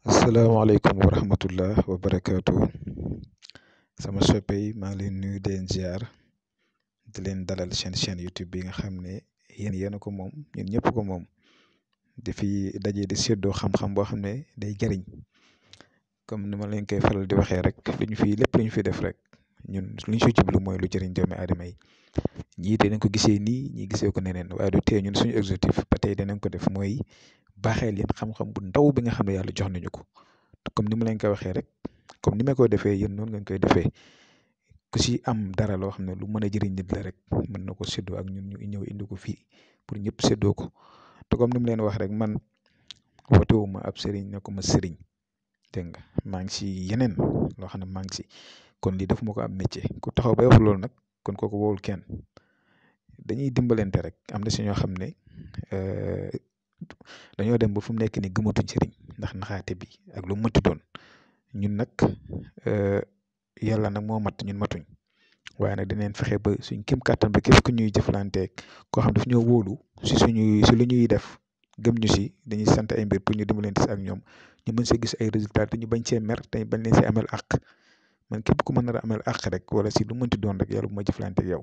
السلام عليكم ورحمة الله وبركاته سما شبي ما لين نيو دين جار دلين دلال شان شان يوتيوب بين خامني ين ينكم موم ين يبكم موم دي في داجي دي سيدو خام خام بو خامني دي جارين كم نما لين كي فرال دي وخي رك فين في لب لين في دف رك ñun li ñu si jublu mooy lu jëriñ doomi aadama yi ñii danañ ko gisee nii ñii gisee ko neneen waaye du tee ñun suñu objectif ba tey danañ ko def mooy baaxee leen xam-xam bu ndaw bi nga xam ne yàlla jox nañu ko comme ni ma leen ko waxee rek comme ni ma ko defee yéen noonu ngeen koy defee ku si am dara loo xam ne lu mën a jëriñ nit la rek mën na ko séddoo ak ñun ñu ñëw indi ko fii pour ñëpp séddoo ko te comme ni mu leen wax rek man wotewu ma ab sëriñ ne ko ma sëriñ dégg nga maa ngi si yeneen loo xam ne maa ngi si kon lii daf ma ko am métier ku taxaw bay wax loolu nag kon kooku woowul kenn dañuy dimbalante rek am na si ñoo xam ne eh, dañoo dem ba fu mu nekk ni gëmatuñ sëriñ ndax naxaate bi ak lu mënti doon ñun nag eh, yàlla nag moo mat ñun matuñ waaye nag dinañ fexe ba suñ kem kàttan ba képp ku ñuy jëflanteeg koo xam daf ñoo wóolu si suñuy si lu ñuy def gëm ñu si dañuy sant ay mbir pour ñu dimbalante si ak ñoom ñu mën see gis ay résultats te ñu bañ see mer te bañ leen see amel àq man képp ku ma nar a amal àq rek wala si lu mënti doon rek yàlla bu ma jëflante yow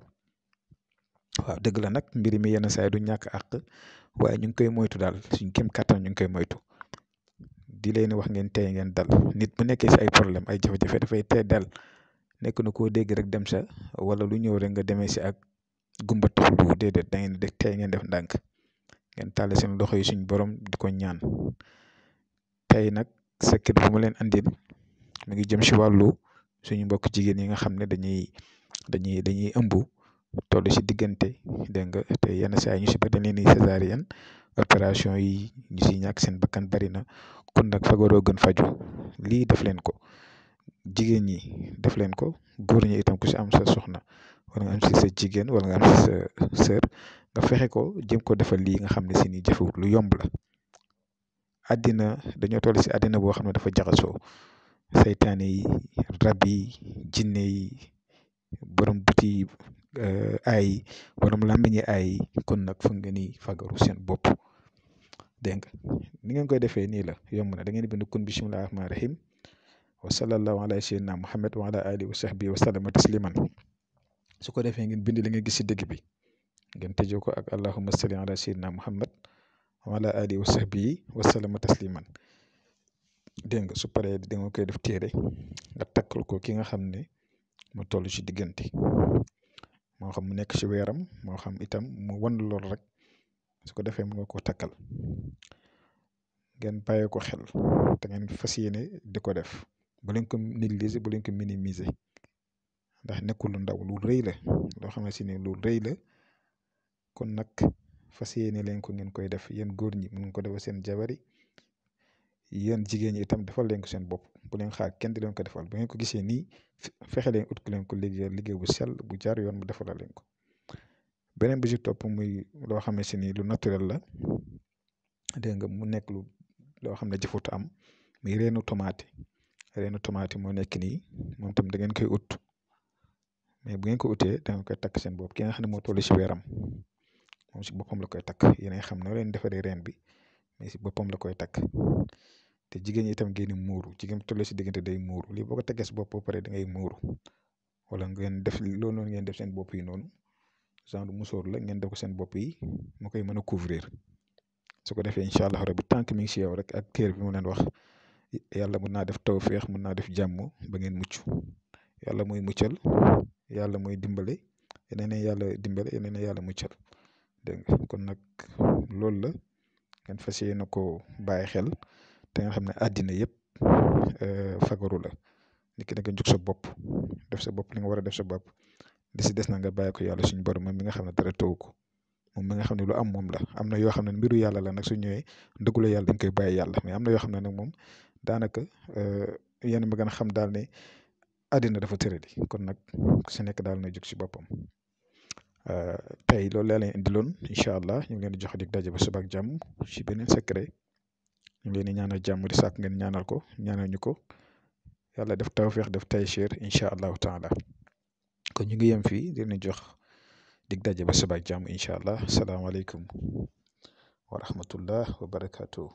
waaw dëgg la nag mbir mi yenn saay du ñàkk àq waaye ñu ngi koy moytu daal suñ kéem kattan ñu ngi koy moytu di leen wax ngeen tey ngeen dal nit bu nekkee si ay problème ay jafe-jafe dafay tey dal nekk na koo dégg rek dem sa wala lu ñëw rek nga demee si ak gumba tax du déedéet da ngeen def tey ngeen def ndànk ngeen tàlle seen loxo yi suñ borom di ko ñaan tey nag secret bu ma leen andil mu ngi jëm si wàllu suñu mbokk jigéen yi nga xam ne dañuy dañuy dañuy ëmb toll si diggante dégg nga te yenn saa yi ñu si bëri dañ leen di opération yi ñu siy ñàkk seen bakkan bari na kon nag fagaroo gën faju lii def leen ko jigéen ñi def leen ko góor ñi itam ku si am sa soxna wala nga am si sa jigéen nga fexe ko jëm ko defal lii nga xam ne si ni jëfewut lu yomb la àddina dañoo toll si àddina boo xam ne dafa jaxasoo seytaane yi rab yi jinne yi borom buti yi eh, ay yi borom làmmiñ yi ay kon nag foog ngeen di fagaru seen bopp dégg nga ni ngeen koy defee nii la yomb na da ngeen bind kun bismillahi rahmaani rahim wa sallallahu ala sayyidina muhammad wa ala alihi wa tasliman su ko defee ngeen bind li nga gis si dëgg bi ngeen tëjee ko ak allahumma salli ala sayyidina muhammad wa ala alihi wa sahbihi wa tasliman dégg nga su paree da nga koy def téere nga takkal ko ki nga xam ne mu toll ci diggante moo xam mu nekk ci weeram moo xam itam mu wan loolu rek su ko defee mën nga koo takkal ngeen bàyyi ko xel te ngeen fas yéene di ko def bu leen ko négliger bu leen ko ndax nekkul lu ndaw lu rëy la loo xam ne lu rëy la kon nag fas yéene leen ngeen koy def yéen góor ñi mën ko defal seen jabar yi yéen jigéen ñi itam defal leen ko seen bopp bu leen xaar kenn di leen ko defal bu ngeen ko gisee nii fexe leen ut ku leen ko liggéeyal liggéey bu sell bu jaar yoon mu defala leen ko beneen bu ci topp muy loo xam ne si nii lu naturel la dégg nga mu nekk lu loo xam ne jëfutu am muy reenu tomate reenu tomate moo nekk nii moom tam da ngeen koy ut mais bu ngeen ko utee da ngeen koy takk seen bopp ki nga xam ne moo toll si weeram moom si boppam la koy takk yeneen a xam noo leen defaree reen bi mais si boppam la koy takk te jigéen ñi itam ngeen muuru jigéen tolle si diggante day muuru lii boo ko teggee sa bopp ba pare da ngay muuru wala ngeen def loolu noonu ngeen def seen bopp yi noonu genre musóor la ngeen def ko seen bopp yi mu koy mën a couvrir su ko defee incha allah rabbi tànk mi ngi si yow rek ak kër bi mu leen wax yàlla mën naa def tawféex mën naa def jàmm ba ngeen mucc yàlla mooy muccal yàlla mooy dimbale yeneen yàlla dimbale yeneen yàlla muccal dégg nga kon nag loolu la ngeen fas yéene ko bàyyi xel te nga xam ne àddina yëpp euh, fagaru la nit ki nga sa bopp def sa bopp li nga war a def sa bopp di si des na nga bàyyi ko yàlla suñu borom moom mi nga xam ne dara tëw ko moom mi nga xam ne lu am moom la am na yoo xam ne mbiru yàlla la nag su ñëwee dëggula yàlla dañ koy bàyyi yàlla mais am na yoo xam ne nag moom daanaka euh, yéen ma gën a xam daal ne àddina dafa di kon nag ku si nekk daal na jóg si boppam euh, tey loolu laa leen indiloon incha allah ñu ngi leen di jox dig daje ba suba ak jàmm ci beneen secret ñu ngi leen di ñaanal jàmm di sàkk ngeen ñaanal ko ñaanal ñu ko yàlla def tawféex def tayseer incha allahu taala kon ñu ngi yem fii di leen jox dig daje ba suba ak jàmm incha allah salaamaaleykum wa rahmatullah wa